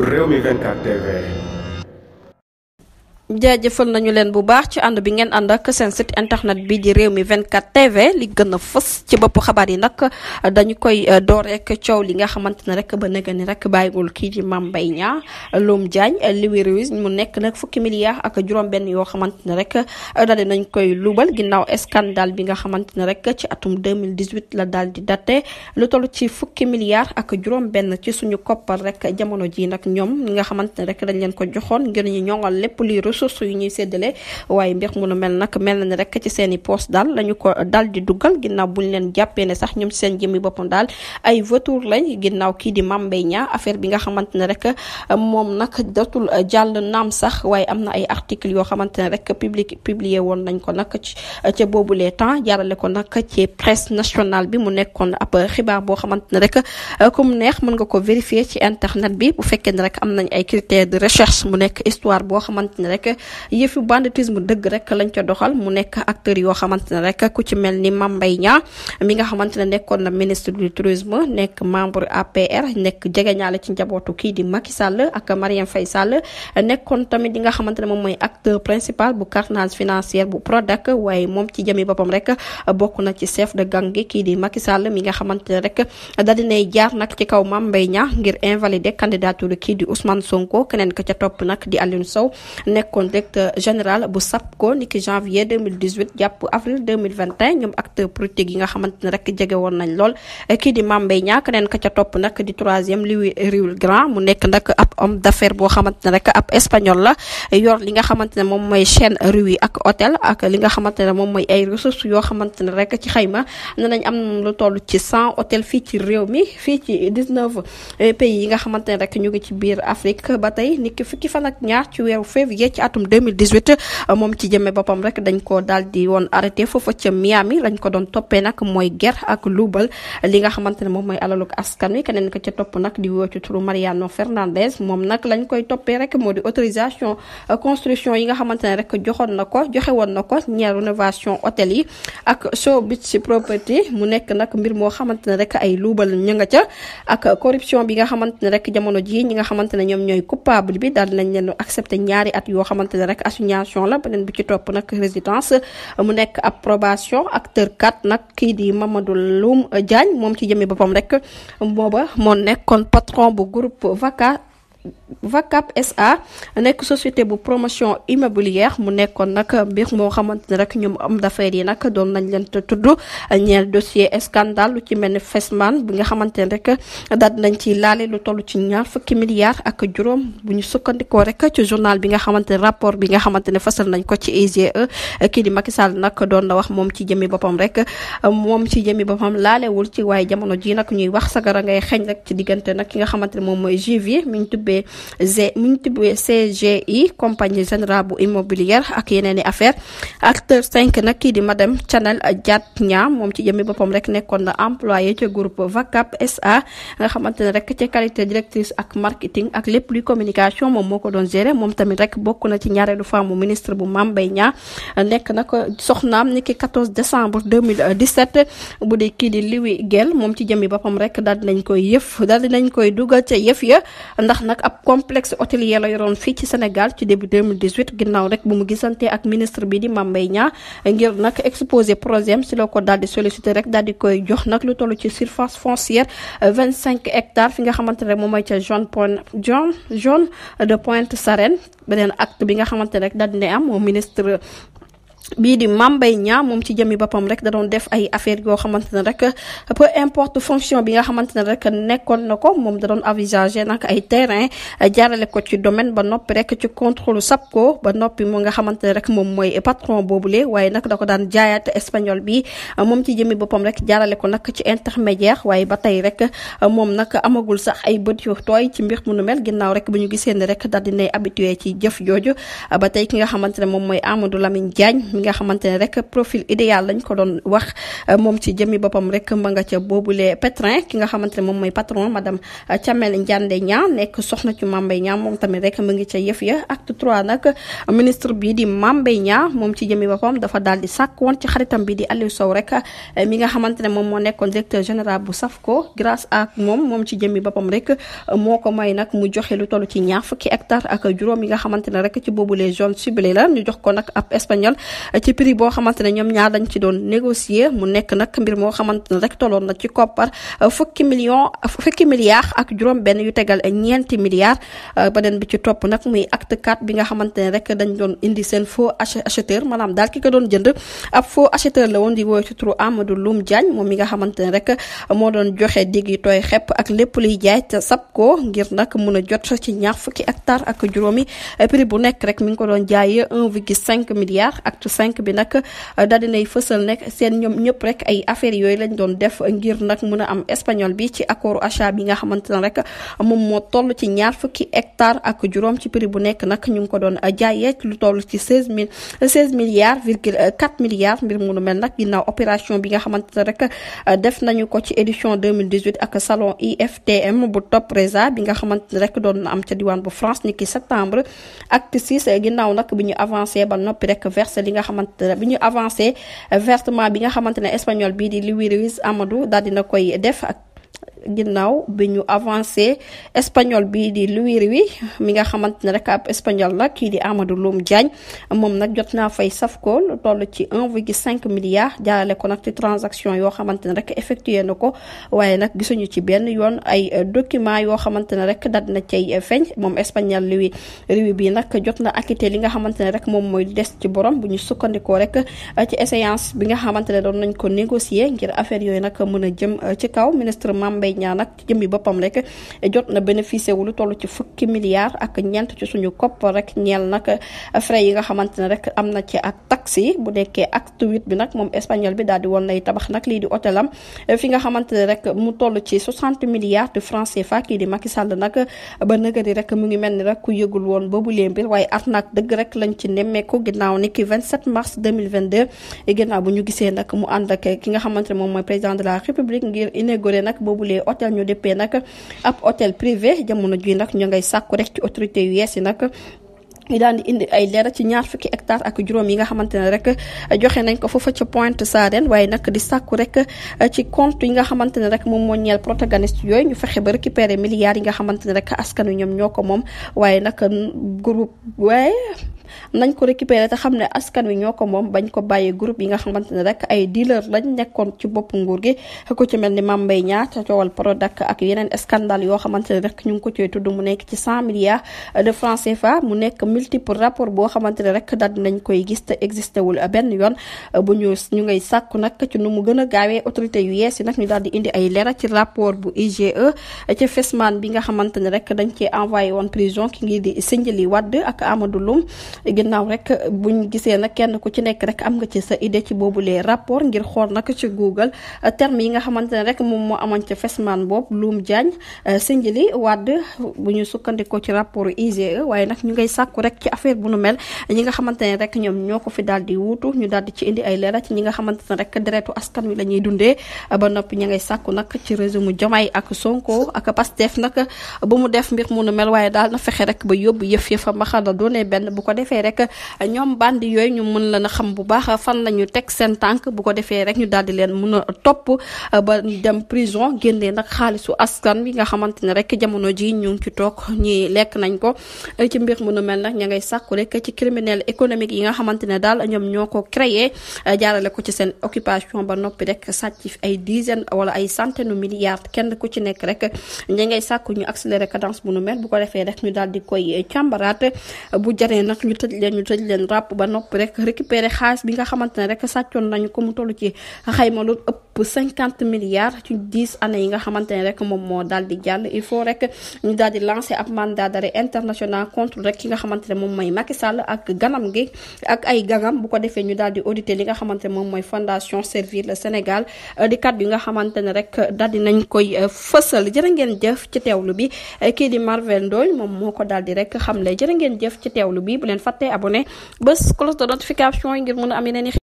réew Rewmi 24 TV jaajëfal nañu leen bu baax ci ànd bi ngeen ànd ak seen site internet bi di réew mi vingt 24 TV li gën a fës ci bopp xabaar yi nag dañu koy eh, door rek coow li nga xamante ne rek ba nëgë ni rek bàyyigul kii di Mame Mbaye Niang Loum Diagne Louis Ruiz mu nekk nag fukki milliards ak juróom-benn yoo xamante ne rek eh, daal nañ koy lubal ginnaaw scandale bi nga xamante ne rek ci atum 2018 la daal di daté lu toll ci fukki milliards ak juróom-benn ci suñu koppar rek jamono ji nag ñoom ñi nga xamante ne rek dañ leen ko joxoon ngir ñu ñoŋal lépp luy rus ressources yu ñuy séddale waaye mbir mu lu mel nag mel na rek ci seen i poste daal lañu ko dal di dugal ginnaaw buñ leen jàppee ne sax ñoom seen jëmmi boppam daal ay vautours lañ ginnaaw kii di Mame Mbaye Niang affaire bi nga xamante ne rek moom nag datul jàll naam sax waaye am na ay article yoo xamante ne rek public publié woon nañ ko nag ci ca boobu les temps jaarale ko nag ci presse nationale bi mu nekkoon ab xibaar boo xamante ne rek ku neex mën nga ko vérifier ci internet bi bu fekkee ne rek am nañ ay critères de recherche mu nekk histoire boo xamante ne rek rek yëfu banditisme dëgg rek lañ ca doxal mu nekk acteurs yoo xamante ne rek ku ci mel ni Mame Mbaye Niang mi nga xamante ne nekkoon na ministre du tourisme nekk membre APR nekk jegeñaale ci njabootu kii di Macky Sall ak Marième Faye Sall nekkoon tamit li nga xamante ne moom mooy acteur principal bu carnage financier bu Prodac waaye moom ci jëmi boppam rek bokk na ci chef de gang gi kii di Macky Sall mi nga xamante ne rek da dinay jaar nag ci kaw Mame Mbaye ngir invalider candidature kii di Ousmane Sonko keneen ka ca topp nag di Aliou Sow nekkoon contexte général bu sap SAPCO niki janvier 2018 japp avril 2021 ñom acteur politique yi nga xamantene rek jégué won nañ lool ki di mambe ñak nen ka ca top nak di 3 troisième Louis Riul Grand mu nek nak ab homme d'affaires bo xamantene rek ab espagnol la yor li nga xamantene mom moy mooy chaîne Riul ak hôtel ak li nga xamantene mom moy ay ressources yo xamantene rek ci xayma ne nañ am lu tollu ci 100 hôtel fi ci réew mi fi ci 19 pays yi nga xamantene rek ñu ngi ci biir Afrique ba tey niki fukki fan ak ñaar ci wéru février ci atum 2018 euh, moom ci jëmee boppam rek dañ ko daal di woon arrêté foofa ca Miami lañ ko doon toppee nag mooy ger ak luubal li nga xamante moom mooy alalug askan wi ko ca topp di woo ci turu Mariano euh, yi nga xamante ne rek joxoon na ko joxe woon na ko ñeel rénovation hôtel yi ak show beach property mu nekk nag mbir moo xamante ne rek ay luubal ñu nga ca ak corruption bi nga xamante ne rek jamono jii ñi nga xamante ne ñoom ñooy coupable bi daal nañ leen accepté ñaari at yoo xamantene rek assignation la benen bi ci top nak résidence mu nek approbation acteur 4 nak ki di mamadou loum diagne mom ci jëmi bopam rek booba moo nekkoon patron bu groupe vaca Vacap SA nekk société bu promotion immobilière mu nekkoon nag mbir moo xamante ne rek ñoom am d'affaires yi nag doon nañ leen tudd ñeel dossier scandale lu ci mel ni Fesman bi nga xamante ne rek daal nañ ci laale lu toll ci ñaar fukki milliards ak juróom bu ñu sukkandikoo rek ci journal bi nga xamante ne rapport bi nga xamante ne fasal nañ ko ci IGE kii di Macky nag doon na wax moom ci jëmi boppam rek moom ci jëmi boppam laalewul ci waaye jamono ji nag ñuy wax sagara ngay xeeñ rek ci diggante nag ki nga xamante ne moom mooy juvier mi ñu tubbee g mu ñu tubbee CGI compagnie générale bu immobilière ak yeneen i affaire acteur 5 nag kii di a Chanel ñaam moom ci jëmmi boppam rek nekkoon na employé ca groupe Vacap SA nga xamante ne rek ci qualité directrice ak marketing ak lépp luy communication moom moo ko doon gérer moom tamit rek bokk na ci ñaareelu femme ministre bu Mame Mbaye Niang nekk nag soxnaam ni ki 14 décembre 2017 bu dee kii di Louis Guèye moom ci jëmmi boppam rek daal nañ koy yëf daal di nañ koy nag ab complexe hôtelier la yoroon fii ci Sénégal ci début 2018 ginnaaw rek bu mu gisante ak ministre bi di Mame Mbaye Niang ngir nag exposé projet am si la ko daal di sollicité rek daal di koy jox nag lu toll ci surface foncière euh, cinq hectares fi nga xamante ne moom mooy ca zone point zone de Pointe Sarène beneen acte bi nga xamante ne rek daal di am ministre. bii di Mame ñaam moom ci jëmmi boppam rek da doon def ay affaires yoo xamante ne rek peu importe fonction bi nga xamante ne rek nekkoon na ko moom da doon envisager nag ay terrain jaarale ko ci domaine ba noppi rek ci contrôle ko ba noppi mu nga xamante ne rek moom mooy patron boobule waaye nag da daan jaayaat espagnol bi moom ci jëmmi boppam rek jaarale ko nag ci intermédiaire waaye ba tey rek moom nag amagul sax ay bët yu tooy ci mbir mu nu mel ginnaaw rek bu ñu gisee ne rek daal dinay habitué ci jëf jooju ba tey ki nga xamante ne moom mooy Amadou Lamine Diagne mi nga xamante ne rek profil idéal lañ ko doon wax euh, moom ci jëmmi boppam rek ma nga ca boobule pétrin ki nga xamante ne moom mooy patron madame euh, Thiamel Ndiande Niang nekk soxna ci Mame Mbaye Niang moom tamit rek mu ngi ca yëf ya acte trois nag ministre bi di Mame Mbaye Niang moom ci jëmmi boppam dafa daal di sàkk ci xaritam bi di Aliou Sow rek euh, mi nga xamante ne moom moo nekkoon directeur général bu SAFCO grâce ak moom moom ci jëmmi boppam rek moo ko may nag mu joxe lu toll ci ñaar fukki hectare ak juróom mi nga xamante ne rek ci boobu les zones ciblées la ñu jox ko nag ab espagnol ci prix boo xamante ne ñoom ñaar dañ ci doon négocier mu nekk nag mbir moo xamante ne rek toloon na ci koppar euh, fukki million fukki milliards ak juróom benn yu tegal ñeenti milliards euh, beneen bi ci topp nag muy acte 4 bi nga xamante ne rek dañ doon indi seen faux acheteur maanaam daal ki ko doon jënd ab faux acheteur la woon di woy ci turu Amadou Loum Diagne moom mi nga xamante ne rek moo doon joxe diggi tooy xepp ak lépp luy jaay te sab ko ngir nag mun a jot ci ñaax fukki hectare ak juróomi prix bu nekk rek mi ngi ko doon jaaye un jaayee 1,5 milliard acte 5 bi nag euh, daal dinay fësal nekk seen ñoom ñëpp rek ay affaires yooyu lañ doon def ngir nag mën a am espagnol bi ci accord achat bi nga xamante ne rek moom moo toll ci ñaar fukki hectare ak juróom ci piri bu nekk nag ñu ngi ko doon jaayee lu toll ci 16 mille 16 milliards virgule 4 euh, milliards mbir mu nu mel nag ginnaaw opération bi nga xamante ne rek euh, def nañu ko ci édition 2018 ak salon IFTM bu Top Reza bi nga xamante ne rek doon am ca diwaan bu France niki septembre acte 6 nga avancé euh, bi nga xamante espagnol bii di Amadou daal dina koy def ginnaaw bi ñu avancé espagnol bi di luwiir wi mi nga xamante ne rek ab espagnol la kii di Amadou Loum Diagne moom nag jot naa fay Safcon toll ci cinq milliard jaarale ko nag ci transaction yoo xamante ne rek effectué na ko waaye nag gisuñu ci benn yoon ay euh, document yoo xamante ne rek dal na cay euh, feeñ moom espagnol luwi réew bi nag jot na acquitté li nga xamante ne rek moom mooy des ci borom bu ñu sukkandikoo rek euh, ci échéance bi nga xamante ne doon nañ ko négocier ngir affaire yooyu nag mën a ci kaw ministre Mame Mbaye Niang nag ci jëmmi boppam rek jot na bénéficié wu lu ci fukki milliards ak ñeent ci suñu kopp rek ñeel nag frais yi nga xamante rek am na ci ak taxi bu nekkee acte bi nag moom espagnol bi daal di woon lay tabax nag lii di hôtelam fi nga xamante ne rek mu toll ci 60 milliards de francs CFA kii di Macky ba nëgëri rek mu ngi mel ni rek ku yëgul woon boobu lee mbir waaye arnaque dëgg rek lañ ci nemmeeku ginnaaw ni ki 27 mars 2022 bu ñu gisee nag mu ànd ki nga xamante moom mooy président de la république ngir inauguré nag boobule hôtel ñu déppee nag ab hôtel privé jamono ji nag ñu ngay sàkku rek ci autorité yu yees yi nag ñu daan di indi ay leer ci ñaar fukki hectare ak juróom yi nga xamante ne rek joxe nañ ko fa ca Pointe Sarène waaye nag di sàkku rek ci compte yi nga xamante ne rek moom moo ñeel protagoniste yooyu ñu fexe ba récupérer milliards yi nga xamante ne rek askan wi ñoom ñoo ko moom waaye nag groupe waaye nañ ko récupérer te xam ne askan wi ñoo ko moom bañ ko bàyyi groupe yi nga xamante ne rek ay dealer lañ nekkoon ci bopp nguur gi ku ci mel ni Mame Mbaye Niang te coowal Prodac ak yeneen scandale yoo xamante ne rek ñu ngi ko cee tudd mu nekk ci cent milliards de francs CFA mu nekk multiple rapport boo xamante ne rek daal dinañ koy gis te existé wul benn yoon bu ñu ñu ngay sàkku nag ci nu mu gën a gaawee autorité yu yees yi nag ñu daal di indi ay leeral ci rapport bu IGE ci Fesman bi nga xamante ne rek dañ cee envoyé woon prison ki ngir di Sindiély Wade ak Amadou Loum ginnaaw rek buñ gisee nag kenn ku ci nekk rek am nga ci sa idée ci boobu les rapports ngir xool nag ci Google euh, terme yi nga xamante ne rek moom moo amoon ca Fesman boobu Loum Diagne euh, Sindiély Wade bu ñu sukkandikoo ci rapport IGE waaye nag ñu ngay sàkku rek ci affaire bu nu ñi nga xamante ne rek ñoom ñoo ko fi daal di wuutu ñu daal di ci indi ay leeral ci ñi nga xamante ne rek deretu askan wi la ñuy dundee euh, ba noppi ñu ngay sàkku nag ci réseau mu Jomaay ak Sonko ak Pastef nag bu mu def mbir mu nu mel waaye daal na fexe rek ba yóbbu yëf yëfa ma xala doonee benn bu ko def defee rek ñoom bandi yooyu ñu mën leen a xam bu baax fan la ñu teg seen tànk bu ko defee rek ñu daal di leen mun a topp ba dem prison génnee nag xaalisu askan wi nga xamante ne rek jamono ji ñu ngi ci toog ñi lekk nañ ko ci mbir mu nu mel nag ña ngay sàkku rek ci criminel économique yi xamante ne daal ñoom ñoo ko créé jaarale ko ci seen occupation ba noppi rek sàcc ay dizaine wala ay centaine milliards kenn ku ci nekk rek ña ngay sàkku ñu accéléré cadence bu nu mel ko defee rek ñu daal koy càmbaraat bu jaree nag ñu tëj leen ñu tëj leen ràpp ba noppi rek récupéré xaalis bi nga xamante ne rek sàccoon nañu ko mu toll ci xayma lu ëpp cinquante milliards ci dix années yi nga xamante ne rek moom moo daal di jàll il faut rek ñu daal di lancer ab mandat d'arrêt international contre rek ki nga xamante ne moom mooy Macky Sall ak ganam gi ak ay gangam bu ko defee ñu daal di auditer li nga xamante ne moom mooy fondation Servir le Sénégal euh, di kàddu yi nga xamante ne rek daal di nañ koy euh, fësal jërë ngeen jëf ci teewlu bi euh, kii di Marvel Ndoye moom moo ko daal di rek xamle jërë ngeen jëf ci teewlu bi bu leen fàttee abonné bés cloche de notification yi ngir mën a am yeneen i